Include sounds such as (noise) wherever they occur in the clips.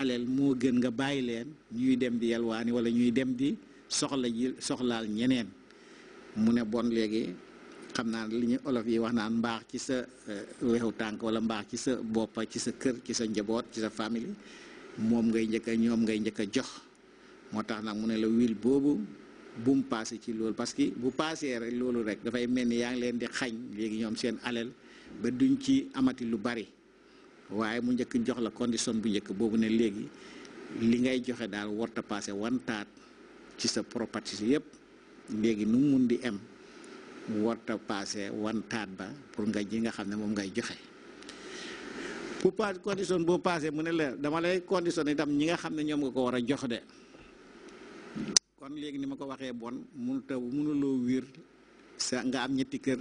alal moo gën nga bàyyi leen ñuy dem di yalwaani wala ñuy dem di soxla ji soxlaal ñeneen mu ne bon léegi xam naa li ñu olof yi wax naan mbaax ci sa eh, weexu tànk wala mbaax ci sa boppa ci sa kër ci sa njaboot ci sa famille moom ngay njëkk a ñoom ngay njëkk a jox moo tax nag mu ne la wil boobu bu mu paase ci loolu parce que bu paasee rek loolu rek dafay mel ni yaa ngi leen di xañ léegi ñoom seen alal ba duñ ci amati lu bari waaye mu njëkk jox la condition bu njëkk boobu ne léegi li ngay joxe daal warta passé wan ci sa property yëpp léegi nu mun di am warta passé wantaat ba pour nga ji nga xam ne moom ngay joxe bu pas condition boo passé mu ne la dama lay condition itam ñi nga xam ne nga ko jox kon ni ko bon mënut a mënuloo wiir sa nga am ñetti kër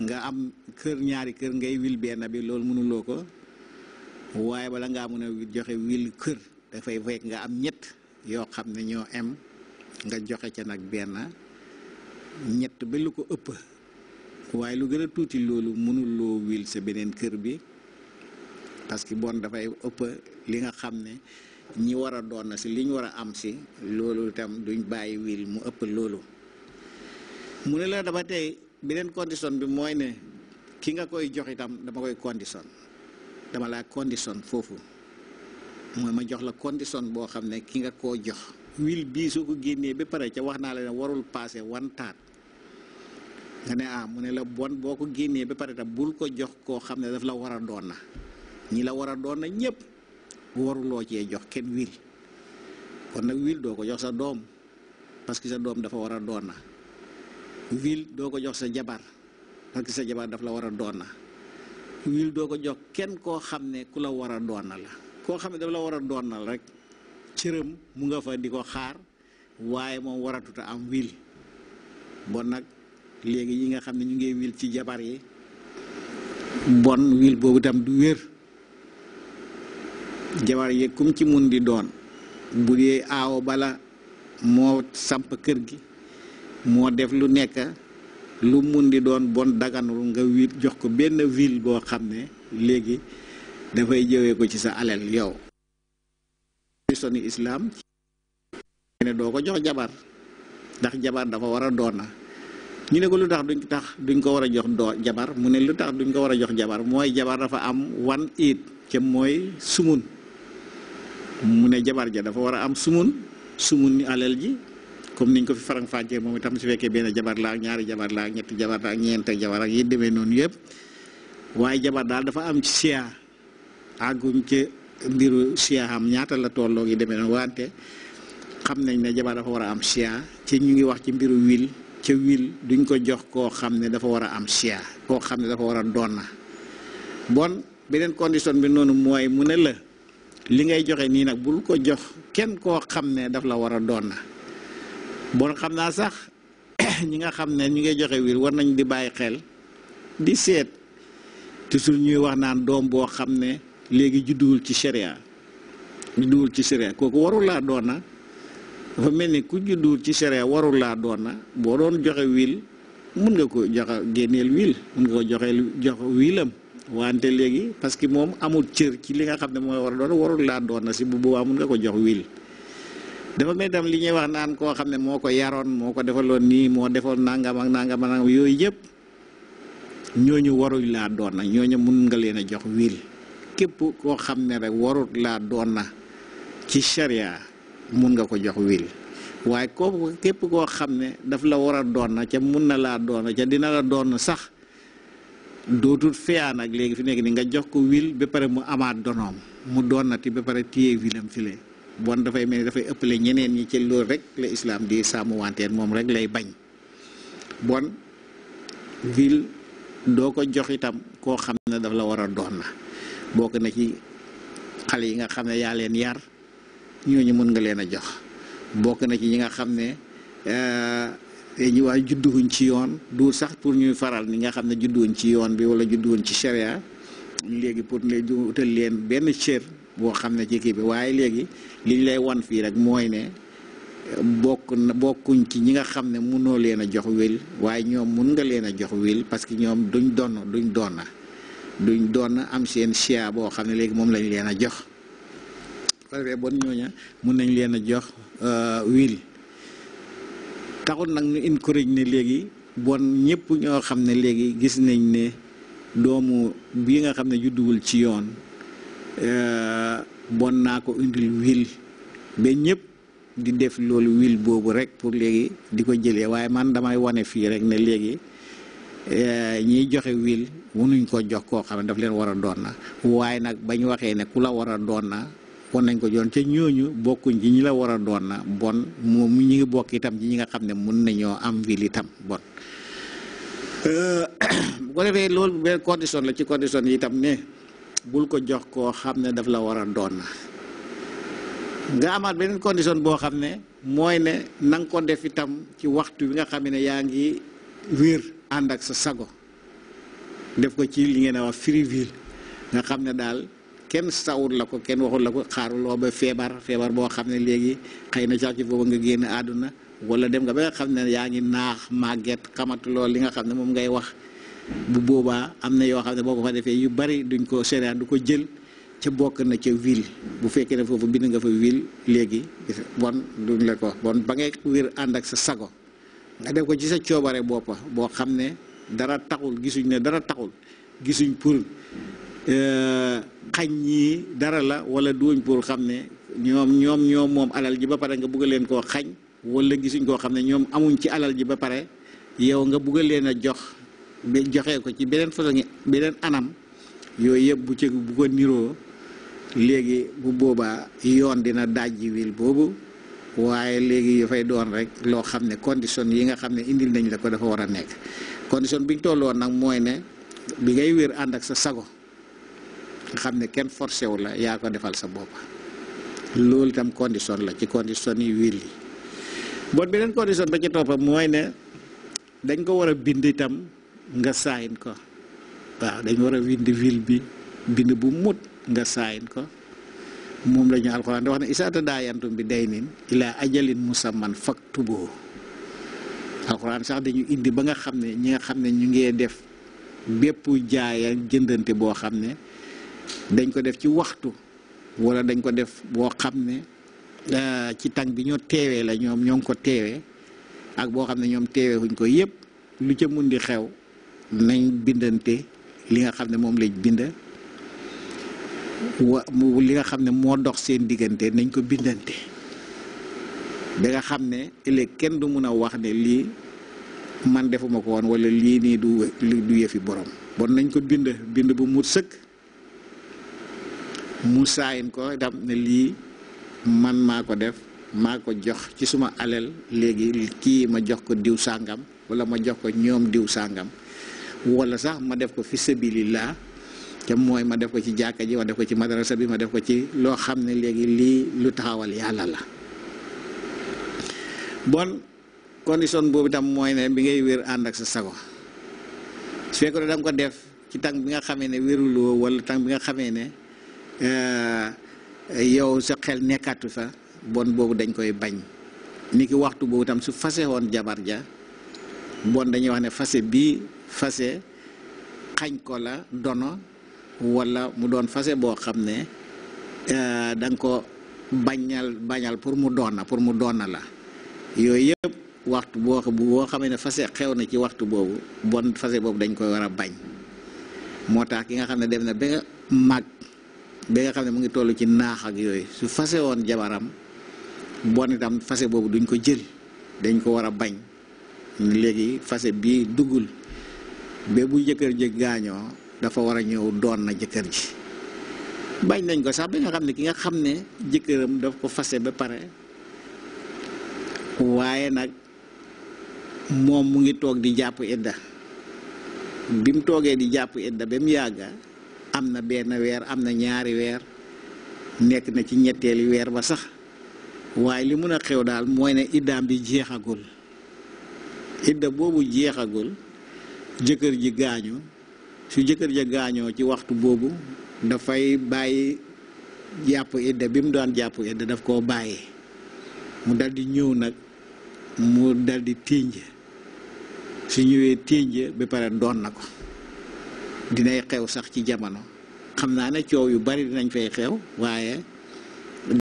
nga am kër ñaari kër ngay wil benn bi loolu ko waaye bala ngaa mën a joxe wil kër dafay fekk nga am ñett yoo xam ne ñoo em nga joxe ca nag benn ñett ba lu ko ëpp waaye lu gën a tuuti loolu mënul loo wil sa beneen kër bi parce que bon dafay ëpp li nga xam ne ñi war a doon na si liñ ñu war a am si loolu itam duñ bàyyi wil mu ëpp loolu mu ne la dama tey beneen condition bi mooy ne ki nga koy jox itam dama koy condition dama la condition fofu mooy ma jox la condition boo ne ki nga koo jox wil bii soo ko be ba pare ca la warul passé wan taat nga ne ah mu ne la bon boo ko génnee ba pare tam bul ko jox koo xam ne daf la war a ñi la war a doon jox wil kon nag wil do ko jox sa dom, parce que sa doom dafa war wil do ko jox sa jabar parce que sa jabar daf la war wil doo ko jox kenn koo xam ne ku la war a doon na la koo xam ne dafa la war a doon na rek cëram mu nga fa di ko xaar waaye moom waratuta am wil bon nag léegi ñi nga xam ne ñu ngi wil ci jabar yi bon wil boobu itam du wér jabar yi kum ci mun di doon bu dee aawo bala moo samp kër gi moo def lu nekk lu di doon bon daganul nga wiit jox ko benn ville boo xam ne léegi dafay jëwee ko ci sa alal yow islam ne do ko jox jabar ndax jabar dafa wara dona. doona ñu ne ko lu tax duñ tax duñ ko war jox jabar mu ne lu tax duñ ko war jox jabar mooy jabar dafa am wan it ca sumun mu ne jabar ja dafa am sumun sumun ni alal ji comme niñ ko fi farang fàccee moom itam su fekkee benn jabar la ak ñaari jabar la ak ñetti jabar la ak ñeent ak jabar ak yi demee noonu jabar daal dafa am ci siya àgguñ ci mbiru siya am ñaata la tolloo gi demee noonu wante xam nañ jabar dafa war am siya ci ñu ngi wax ci mbiru wil ca wil duñ ko jox koo xam dafa war am siya ko xam dafa war bon beneen condition bi noonu mooy mu ne la li ngay joxe nii nag bul ko jox kenn koo xam daf la bon xam naa sax (clears throat) ñi nga xam ne ñu ngi joxe wiir war nañ di bàyyi xel di seet toujours ñuy wax naan doom boo xam ne léegi judduwul ci sharia judduwul ci sharia kooku warul laa doona dafa mel ni ku judduwul ci sharia warul laa doona boo doon joxe wiil mun nga ko joxe génneel wil mun nga ko joxeel jox wiilam wante léegi parce que moom amul cër ci li nga xam ne mooy war a doona warul laa doona si bu boobaa mun nga ko jox wil dafa mel tam li ñuy wax naan koo xam ne moo ko yaroon moo ko defaloon nii moo defoon nangam ak nangam ak yooyu yëpp ñooñu warul laa doon na ñooñu mun nga leen a jox wil képp koo xam ne rek warut laa doon na ci sharia mun nga ko jox wil waaye kooku képp koo xam ne daf la war a doon na ca mun na laa doon na ca dina la doon sax dootul feyaa nag léegi fi nekk ni nga jox ko wil ba pare mu amaat donoom mu doon na ti ba pare téye wilam file bon dafay mel ni dafay ëppale ñeneen ñi ci loolu rek la islam di sàmm wanteer moom rek lay bañ bon ville doo ko jox itam koo xam ne daf la war a doon na bokk na ci xale yi nga xam ne yaa leen yar ñooñu mën nga leen a jox bokk na ci ñi nga xam ne eh, ñi waa judduwuñ ci yoon du sax pour ñuy faral ni nga xam ne judduwuñ ci yoon bi wala judduwuñ ci sharia léegi pour ne utal leen benn cër boo xam ne ci kii bi waaye léegi liñ lay wan fii rek mooy ne bokk na bokkuñ ci ñi nga xam ne mënoo leen a jox wil waaye ñoom mun nga leen a jox wil parce que ñoom duñ donn duñ doona duñ donn am seen chia boo xam ne léegi moom lañ leen a jox parfait bon ñooña mun nañ leen a jox euh, wil taxul nag ñu encourage ne léegi bon ñëpp ñoo xam ne léegi gis nañ ne doomu bi nga xam ne judduwul ci yoon Euh, bon naa ko indil wil ba ñëpp di def loolu wil boobu rek pour léegi di ko jële waaye man damay wane fii rek ne léegi euh, ñi joxe wil mënuñ ko jox koo xam ne daf leen war a doon na waaye nag bañ waxee ne ku la war a doon na kon nañ ko joon ca ñooñu bokkuñ ci ñi la war a doon na bon moom ñu ngi bokk itam ci ñi nga xam ne mun nañoo am wil itam bon euh, (coughs) bu ko defee loolu benn condition la ci condition yi itam ne bul ko jox koo xam ne daf la war doon na nga amaat beneen condition boo xam ne mooy ne nang nga ko def itam ci waxtu bi nga xam ne yaa ngi wér ànd ak sa sago def ko ci li ngeen a wax nga xam ne daal kenn sawul la ko kenn waxul la ko xaaruloo ba feebar feebar boo xam ne léegi xëy na sax ci booba nga génn àdduna wala dem nga ba nga xam ne yaa ngi naax màgget xamatuloo li nga xam ne moom ngay wax bu boobaa am na yoo xam ne boo ko fa defee yu bari duñ koo sariya du ko jël ca bokk na ca ville bu fekkee ne foofu bind nga fa ville léegi bon duñ la ko wax bon ba ngay wér ànd ak sa sago nga def ko ci sa coobare boppa boo xam ne dara taxul gisuñ ne dara taxul gisuñ pour euh, xañ ñii dara la wala dooñ pour xam ne ñoom ñoom ñoom moom alal ji ba pare nga bugg leen koo xañ wala gisuñ koo xam ne ñoom amuñ ci alal ji ba pare yow nga bugg leen a jox joxee ko ci beneen façon beneen anam yooyu yëpp bu ci bu ko niroo léegi bu boobaa yoon dina dajji wil boobu waaye léegi dafay doon rek loo xam ne condition yi nga xam ne indil nañ la ko dafa war a nekk condition bi ñu tolloon nag mooy ne bi ngay wér ànd ak sa sago nga xam ne kenn forcé wu la yaa ko defal sa bopp loolu itam condition la ci condition yi wil yi bon beneen condition ba ci toppam mooy ne dañ ko war a bind itam nga saayin ko waaw dañ war a bind ville bi bind bu mut nga saayin ko moom la ñu alxuraan da wax ne isaata daayantum bi day nin ilaa ajalin musamman faktuboo alxuraan sax dañu indi ba nga xam ne ñi nga xam ne ñu ngee def bépp jaaya jëndante boo xam ne dañ ko def ci waxtu wala dañ ko def boo xam ne euh, ci tànk bi ñoo teewee la ñoom ñoo ngi ko teewee ak boo xam ne ñoom teewee wuñ ko yépp lu ca mun di xew nañ bindante li nga xam ne moom lañ bind wa li nga xam ne moo dox seen diggante nañ ko bindante da nga xam ne ëllëg kenn du mun wax ne lii man defuma ko woon wala li ni du du yefi borom bon nañ ko bind bind bu mu Musa mu ko dam ne man ma ko def ma ko jox ci suma alal léegi kii ma jox ko diw sangam wala ma jox ko ñoom diw sangam walla sax ma def ko fi sabilillah te mooy ma def ko ci jàkka ji ma def ko ci sa bi ma def ko ci loo xam ne léegi lii lu taxawal yàlla la bon condition boobu tam mooy ne bi ngay wér ànd ak sa sago su fekkoon da ko def ci tànk bi nga xamee ne wéruloo wala tànk bi nga xamee ne eh, yow sa xel nekkatu sa bon boobu dañ koy bañ ni ki waxtu boobu tam su fase woon jabar ja bon dañuy wax ne fase bii fase xañ ko la dono walla mu doon fase boo xam ne euh, da nga ko bañal bañal pour mu doona pour mu doona la yooyu yëpp waxtu boo boo xamee ne fase xew na ci waxtu boobu bon fase boobu dañ koy war a bañ moo tax ki nga xam ne dem na ba mag ba nga xam ne mu ngi toll ci naax ak yooyu su fase woon jabaram bon itam fase boobu duñ ko jël dañ ko war a bañ léegi fase bii duggul be bu jëkkër ji gaañoo dafa war a doon na jëkkër ji bañ nañ ko sax nga ne ki nga xam ne daf ko fase ba pare waaye nag moom mu ngi toog di jàpp idda bi mu toogee di jàpp idda ba mu yàgga am na benn weer am na ñaari weer nekk na ci ñetteeli weer ba sax waaye li mun na xew daal mooy ne iddaam bi jeexagul idda boobu jeexagul jëkkër ji gaañu su jëkkër ja gaañoo ci waxtu boobu dafay bàyyi jàpp idda bi mu daan jàpp idda daf koo bàyyi mu dal di ñëw nag mu dal di tiiñ su ñëwee tiiñ ba pare doon na ko dinay xew sax ci jamono xam naa ne coow yu bari dinañ fay xew waaye